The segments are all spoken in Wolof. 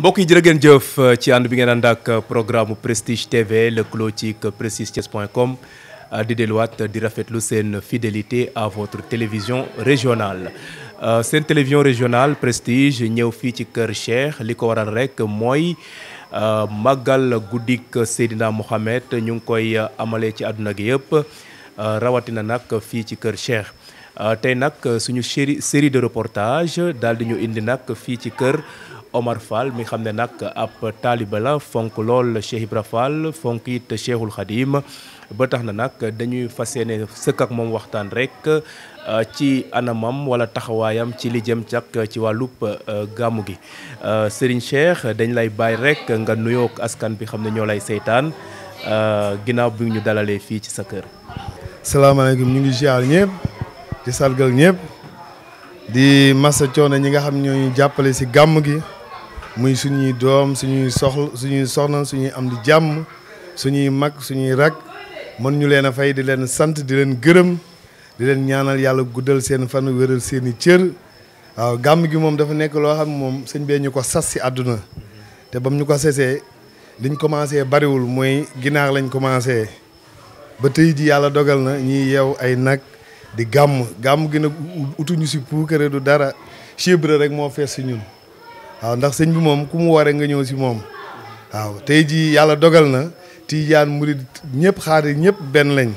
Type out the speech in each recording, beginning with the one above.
mbokk yi euh, euh, programme Prestige TV le clotique di di fidélité à votre télévision régionale. Cette euh, télévision régionale Prestige est fi ci cœur cher. liko waral rek Mohamed ñu koy amalé ci aduna gi yëpp rawatina nak ci série de reportages, dal Omar Fall mi xam ne nag ab taaliba la fonk lool Cheikh Ibra Fall fonk it Cheikhul Khadim ba tax na nag dañuy fas yéene sëkk ak moom waxtaan rek euh, ci anamam wala taxawaayam ci li jëm cak ci wàllub euh, gàmmu gi euh, Serigne Cheikh dañ lay bàyyi rek nga nuyook askan bi xam ne ñoo lay seytaan ginnaaw bi ñu dalalee fii ci sa kër. salaamaaleykum ñu ngi ziar ñëpp di sargal ñëpp di masa coono ñi nga xam ñoo ñu jàppale si gàmm gi. muy suñuy doom suñuy soxla suñuy soxna suñuy am di jàmm suñuy mag suñuy rak mën ñu leen a fay di leen sant di leen gërëm di leen ñaanal yàlla guddal seen fan wéral seen i cër waaw gàmm gi moom dafa nekk loo xam moom sëñ bee ñu ko sas si àdduna te bam ñu ko sesee liñ commencé bariwul mooy ginaar lañ commencé ba tey ji yàlla dogal na ñiy yeew ay nag di gàmm gàmm gi nag utuñu si puukare du dara chibre rek moo fees si ñun waaw ndax sëñ bi moom ku mu waree nga ñëw si moom waaw tey jii yàlla dogal na tiijaan murid ñëpp xaadir ñëpp benn lañ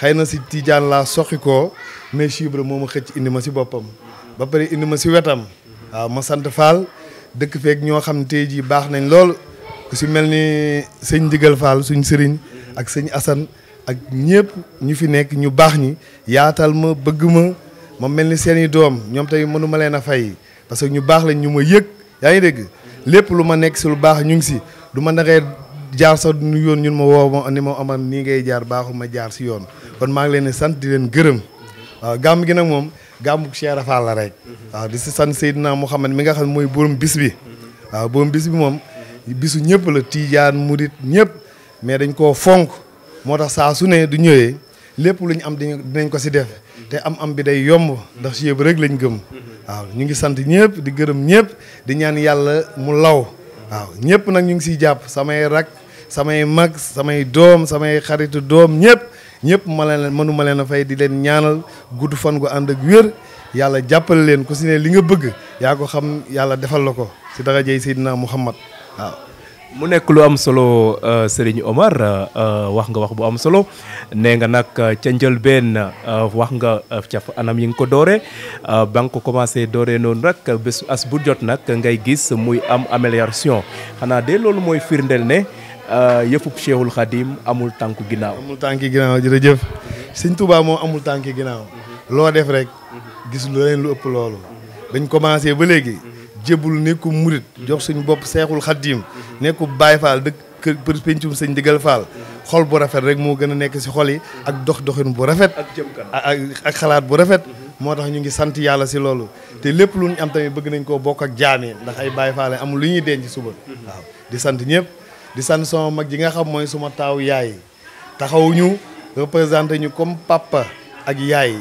xëy na si tiijaan laa soqi koo mais chibre moo ma xëcc indi ma si boppam ba pare indi ma si wetam waaw ma sant Fall dëkk feek ñoo xam ne tey jii baax nañ lool ku si mel ni sëñ Ndigal Fall suñ sëriñ ak sëñ Assane ak ñëpp ñu fi nekk ñu baax ñi yaatal ma bëgg ma ma mel ni seen i doom ñoom tey mënu ma leen a fay parce que ñu baax lañ ñu ma yëg yaa ngi dégg lépp lu ma nekk si lu baax ñu ngi si du ma naxee jaar sax nu yoon ñun ma woo ma ni ma amal nii ngay jaar baaxu ma jaar si yoon kon maa ngi leen di sant di leen gërëm waaw gàmm gi nag moom gàmmu Cheikh Rafal la rek waaw di si sant Seydina Mouhamed mi nga xam ne mooy borom bis bi waaw borom bis bi moom bisu ñëpp la tiijaan mu Murit ñëpp mais dañ koo fonk moo tax saa su ne du ñëwee lepp luñ am dinañ ko ci def té am-am bi day yomb ndax ci yeb rek lañ gëm waaw ñu ngi sant ñepp di gëreum ñepp di ñaan yalla mu law waaw ñepp nak ñu ngi ci japp samay rak samay mag samay dom samay xaritu dom ñepp ñepp ma leen malen leen fay di leen ñaanal guddu fan gu and ak wër yalla jappal leen ku si ne li nga bëgg ya ko xam yalla defal lako ci dara jey sayyidina Muhammad waaw. mu nekk lu am solo euh, Serigne Omar euh, wax nga wax bu am solo nee nga nag euh, ca njëlbeen wax nga ca anam yi nga ko doore ba nga ko commencé doore noonu rek bés as bu jot nag ngay gis muy am amélioration xanaa de loolu mooy firndeel ne yëfub Cheikhul Khadim amul tànku ginnaaw. amul tànki ginnaaw jërëjëf sëñ Touba moom amul tànki ginnaaw. Mhm. loo def rek. gis lu leen lu ëpp loolu. Mhm. dañ commencé ba léegi. jébul nekku murit jox suñu bopp seexul xaddiim nekku baay faal dëkk kër pencum sëñ digal faal xol bu rafet rek moo gën a nekk si xol yi ak dox doxin bu rafet ak ak xalaat bu rafet moo tax ñu ngi sant yàlla si loolu te lépp lu nu am tamit bëgg nañ koo bokk ak jaami ndax ay baay faale amul lu ñuy denc suba waaw di sant ñëpp di sant sama mag ji nga xam mooy suma taaw yaay taxaw ñu représenté ñu comme papa ak yaay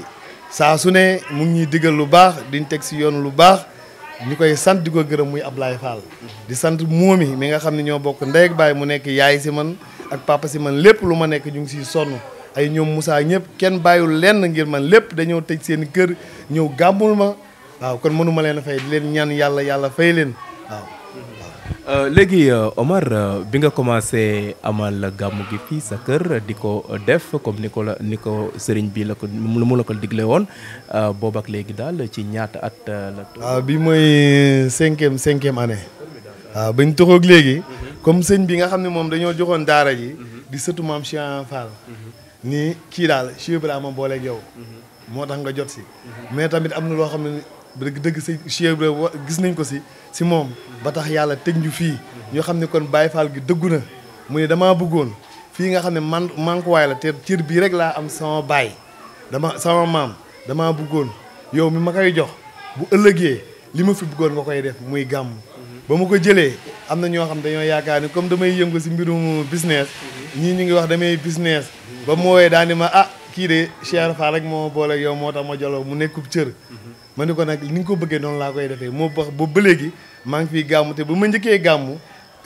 saa su ne mu ngi ñuy digal lu baax diñ teg si yoon lu baax ñu koy sant di ko gërëm muy Ablaye Fall. di sant moomi mi nga xam ne ñoo bokk ndey ak baay mu nekk yaay si man ak papa si man lépp lu ma nekk ñu ngi siy sonn ay ñoom Moussa ñëpp kenn bàyyul lenn ngir man lépp dañoo teg seen kër ñëw gàmmul ma waaw kon mënuma leen a fay di leen ñaan yàlla yàlla fay leen waaw. Euh, léegi euh, Omar euh, bi nga commencé amal la gàmmu gi fii sa kër di ko def comme ni ko la ni ko sëriñ bi la ko mu la ko digle woon boobu ak léegi daal ci ñaata at la. waaw ah, bi mooy cinquième cinquième année. waaw ah, bañ toxoog léegi. comme sëñ bi nga xam ne moom dañoo joxoon daara ji. di sëtu maam Cheikh Fall. ni kii daal Cheikh Ibrahima booleeg yow. Mhm. moo tax nga jot si. mais tamit am na loo xam ne dëgg dëgg si Cheikh Ibra gis nañ ko si si moom ba tax yàlla teg ñu fii ñu xam ne kon Baye Fall gi dëggu na mu ne damaa bëggoon fii nga xam ne man manquwaay la te cër bii rek laa am sama baay dama sama maam damaa bëggoon yow mi ma koy jox bu ëllëg yee li ma fi buggoon nga koy def muy gàmm ba ma ko jëlee am na ñoo xam dañoo yaakaar ni comme damay yëngu si mbirum business ñii ñu ngi wax damay business ba mu woowee daal di ma ah kii de Cheikh Fall rek moo boole yow moo tax ma joloo mu nekkub cër ma ne ko nag ni nga ko bëggee noonu laa koy defee moo bax ba ba léegi maa ngi fiy gàmm te bu ma njëkkee gàmmu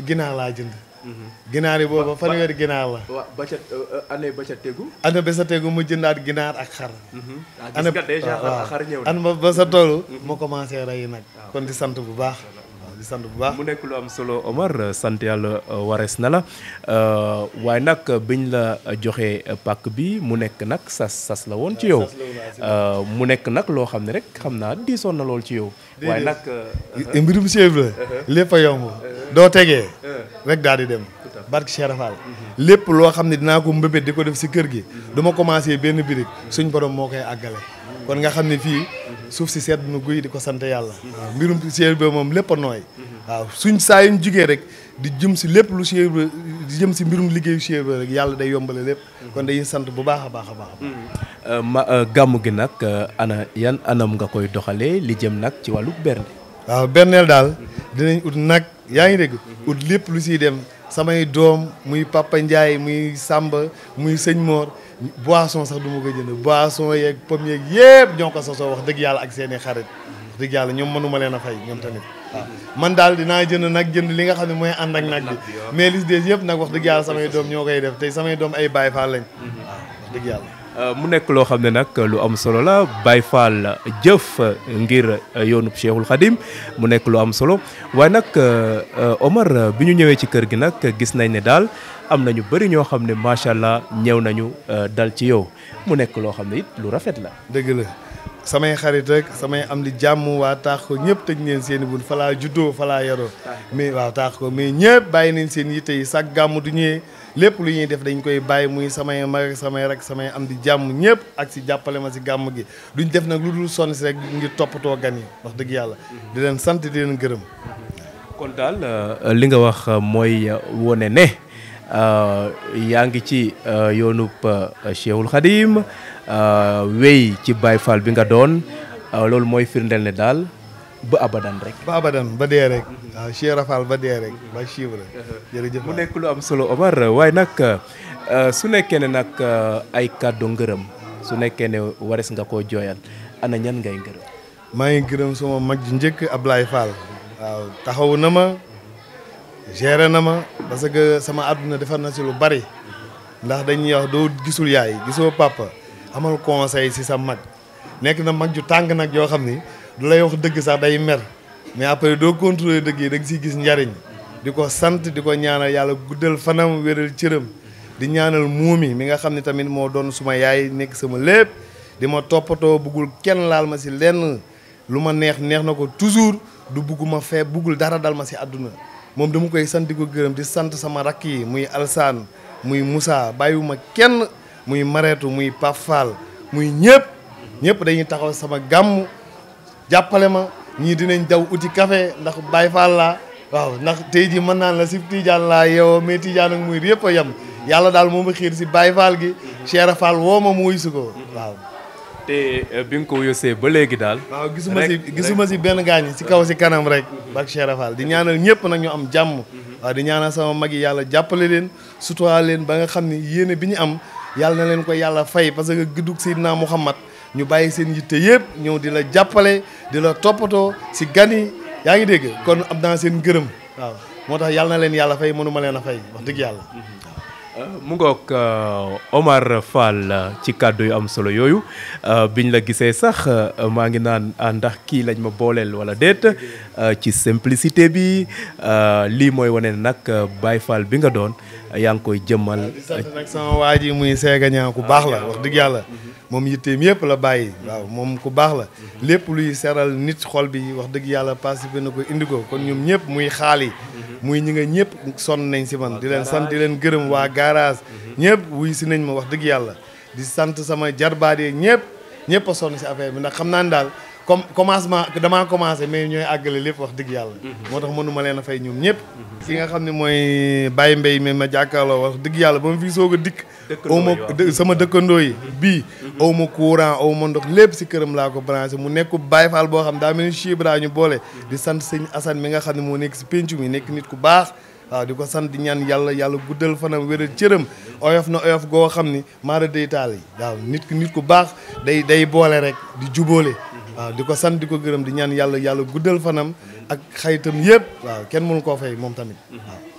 ginaar laa jënd. Mhm. ginaar yi booba fanweeri ginaar la. waaw ba ca euh, année ba ca tegu. année sa tegu mu jëndaat ginaar ak xar. Mhm. ah gis nga dèjà ñëw na année ba sa toolu. ma mhm. commencé rey nag. Ah, kon di sant bu baax. di sant bu baax mu nekk lu am solo Omar sant yàlla warees na la euh, waaye nag biñ la joxee pàkk bi mu nekk nag sas sas la woon ci euh, yow euh, mu nekk nag loo xam ne rek xam naa diisoon na lool ci yow waaye nag mbirum Cheikh Ibra lépp a yomb doo tegee rek daal di dem barke Cheikh Rafal mm-hmm. lépp loo xam ne dinaa ko mbébét di ko def si kër gi mm-hmm. du ma commencé benn birig suñ borom moo koy àggale mm-hmm. kon nga xam ne fii suuf si sedd nu guy di ko sant yàlla. waaw mbirum Cheikh Ibra moom lépp nooy. waaw suñ saa yuñ jugee rek di jëm si lépp lu Cheikh Ibra di jëm si mbirum liggéeyu Cheikh Ibra rek yàlla day yombale lépp. kon dañuy sant bu baax a baax a baax. Euh, ma euh, gàmmu gi nag euh, ana yan anam nga koy doxalee li jëm nag ci wàllu berne. waaw berneel daal dinañ ut nag yaa ngi dégg. ut lépp lu siy dem samay doom muy pàppa Ndiaye muy sàmba muy Sëñ Mor. boisson sax du ma ko jënd boisson yeeg pomme yeeg yëpp ñoo ko sosoo wax dëgg yàlla ak seen i xarit wax dëgg yàlla ñoom mënuma leen a fay ñoom tamit ah. man daal dinaa jënd nag jënd li nga xam ne mooy ànd ak nag bi mais li des yëpp nag wax dëgg yàlla samay doom ñoo koy def tey samay doom ay Baay Faal lañ mm-hmm. waaw wax dëgg yàlla Euh, mu nekk loo xam ne nag lu am solo la Baye Fall jëf ngir euh, yoonub Cheikhul Khadim mu nekk lu am solo waaye nag euh, Omar bi ñu ñëwee ci kër gi nag gis nañ ne daal am na ñu bëri ñoo xam ne macha allah ñëw nañu dal ci yow mu nekk loo xam ne it lu rafet la. dëgg la samay xarit rek samay am li jàmm waa taax ko ñëpp tëj neen seen i bun falaa juddoo falaa yaroo mais waaw taax ko mais ñëpp bàyyi nañ seen yitte yi sag gàmm du ñëwee. lépp lu ñuy def dañ koy bàyyi muy samay mag samay rek samay am di jàmm ñëpp ak si jàppale ma si gàmm gi duñ def nag lu dul sonn si rek ngir toppatoo gan yi wax dëgg yàlla. Mhm. di leen sant di leen gërëm. Mhm. kon daal euh, li nga wax euh, mooy euh, wone ne. yaa ngi ci yoonub Cheikhul Khadim wéy ci Baye Fall bi nga doon loolu mooy firndeel ne daal ba abadan rek. ba abadan ba dee rek. waaw ah, Cheikh Rafal ba dee rek ba chibre jërëjëf mu nekk lu am solo Omar waaye nag ah, su nekkee ne nag ah, ay kàddu ngërëm su nekkee ne wares nga koo jooyaan ana ñan ngay ngërëm. maa ngi gërëm suma mag ji njëkk Ablaye Fall. waaw taxaw na ma gere na ma parce que sama àdduna defar na si lu bari ndax dañuy wax doo gisul yaay gisoo papa amal conseil si sa mag nekk na mag ju tàng nag yoo xam ni. du lay wax dëgg sax day mer mais après do contrôler dëgg yi da nga gis njariñ di ko sant di ko ñaanal yàlla guddal fanam wéral cëram di ñaanal muumi mi nga xam ne tamit mo doon suma yaay nekk sama lépp di ma toppatoo bugul kenn laal ma si lenn lu ma neex neex na ko toujours du fe bugul dara dal ma si aduna moom dama koy sant di ko gërëm di sant sama Raki, yi muy alsaan muy bayu bàyyiwuma kenn muy mareetu muy Pafal muy nyep ñëpp dañuy taxaw sama gamu jàppale ma ñii dinañ daw uti café ndax Baye Fall laa waaw ndax tey jii mën naan la si Tidiane laa yeewoo mais Tidiane ak muy yëpp a yem yàlla daal moo ma xiir si Baye Fall gi Cheikh Fall woo ma mu wuyu si ko waaw. te eh, bi nga ko wuyosee ba léegi daal. waaw gisuma si gisuma si benn gaañ si kaw si kanam rek. bak Cheikh Fall di ñaanal ñëpp nag ñu am jàmm. waaw di ñaanal sama mag yi yàlla jàppale leen sutura leen ba nga xam ni yéene bi ñu am yàlla na leen ko yàlla fay parce que guddug Seydina Muhammad ñu bàyyi seen yitte yëpp ñëw di la jàppale di la toppatoo si gani yaa ngi dégg kon am naa seen gërëm moo tax yàlla na leen yàlla fay mënuma leen a fay wax dëgg yàlla. Euh, mu ngoog euh, Omar Fall euh, ci kàddu yu am solo yooyu biñ la gisee sax maa ngi naan ah, ndax kii lañ ma booleel wala déet ci simplicité bi lii mooy wane nag Baye Fall bi nga doon yaa ngi koy jëmmal. di sama waa ji muy seega ñaa ku baax la wax dëgg yàlla. Mm-hmm. moom yitteem yëpp la bàyyi. waaw moom ku baax la. lépp luy seral nit xol bi wax dëgg yàlla participé na ko indi ko kon ñoom ñëpp muy xaali muy ñi nga ñëpp sonn nañ si man. di leen sant di leen gërëm waa garage. ñëpp wuy si nañ ma wax dëgg yàlla. di sant sama jarbaade ñëpp ñëpp a sonn si affaire bi ndax xam naa ne daal. comme commencement damaa commencé mais ñooy àggale lépp wax dëgg yàlla. Mhm. moo tax mënuma leen a fay ñoom ñëpp. ki nga xam ne mooy Baye Mbaye mi ma jàkkaarloo wax dëgg yàlla ba ma fi soog dikk. aw ma sama dëkkandoo yi bii. Mhm. aw ma courant aw ma ndox lépp si këram laa ko branché mu nekk Baye Fall boo xam daa mel ni Chibra ñu boole. Mhm. di sant sëñ Assane mi nga xam ne moo nekk si penc mi nekk nit ku baax. waaw di ko sant di ñaan yàlla yàlla guddal fanam wéral cëram oyof na oyof goo xam ni maara day taal yi waaw nit ku nit ku baax day day boole rek di jubóole waaw di ko sant di ko gërëm di ñaan yàlla yàlla guddal fanam ak xayitam yëpp waaw kenn mënu koo fay moom tamit waaw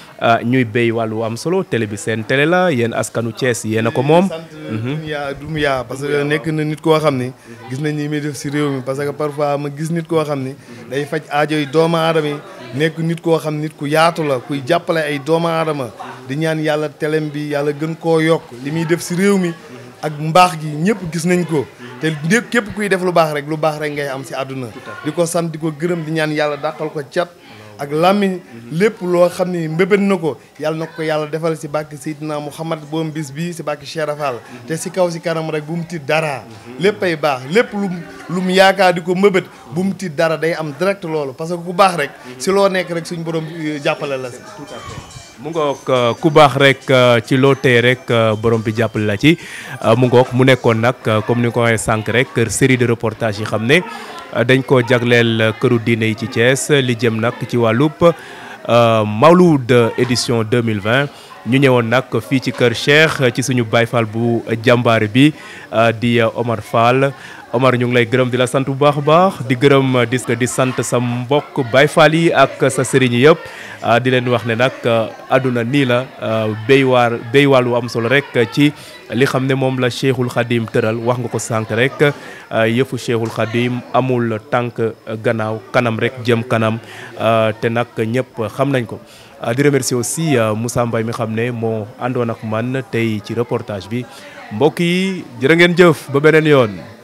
Euh, ñuy béy wàllu am solo télé bi seen télé la yéen askanu Thiès yéen ko moom. sant mhm. Dunya parce que nekk na nit koo xam ni. gis nañ ni muy def si réew mi parce que parfois a gis nit koo xam ni. day faj aajo yi doomu aadama yi. nekk nit koo xam nit ku yaatu la kuy jàppale ay doomu aadama. di ñaan yàlla telem bi yàlla gën koo yokk li muy def si réew mi. ak mbaax gi ñëpp gis nañ ko. te képp kuy def lu baax rek lu baax rek ngay am si àdduna. di ko sant di ko gërëm di ñaan yàlla dàqal ko cat. ak làmmiñ lépp loo xam ni mbébét na ko yàlla na ko yàlla defal si bàkki Seydina Muhammad boom bis bii si bàkki Cheikh te si kaw si kanam rek bu mu tiit dara lépp ay baax lépp lu lu mu yaakaar di ko mbébét bu mu tiit dara day am direct loolu parce que ku baax rek si loo nekk rek suñ borom euh, jàppale la mu ngoog euh, ku baax rek euh, ci loo tee rek borom bi jàppale la ci mu ngoog mu nekkoon nag comme ni ko waxee sànq rek série de reportage yi xam ne dañ ko jagleel këru diine yi ci Thiès li jëm nag ci wàllub euh, Mawlud édition 2020 ñu ñëwoon nag fii ci kër Cheikh ci suñu baay Fall bu jàmbaar bi euh, di Omar Fall Omar ñu ngi lay gërëm di la sant bu baax a baax di gërëm dis di sant sa mbokk baay Fall yi ak sa sëriñ yëpp euh, di leen wax ne nag àdduna nii la béy waar béy wàllu am solo rek ci. li xam ne moom la cheikhul xadim tëral wax nga ko sànq rek euh, yëfu cheikhul xadim amul tànk gannaaw kanam rek jëm kanam euh, te nag ñëpp xam nañ ko euh, di remercier aussi Moussa mbay mi xam ne moo àndoon ak man tey ci reportage bi mbokk yi jërë ngeen jëf ba beneen yoon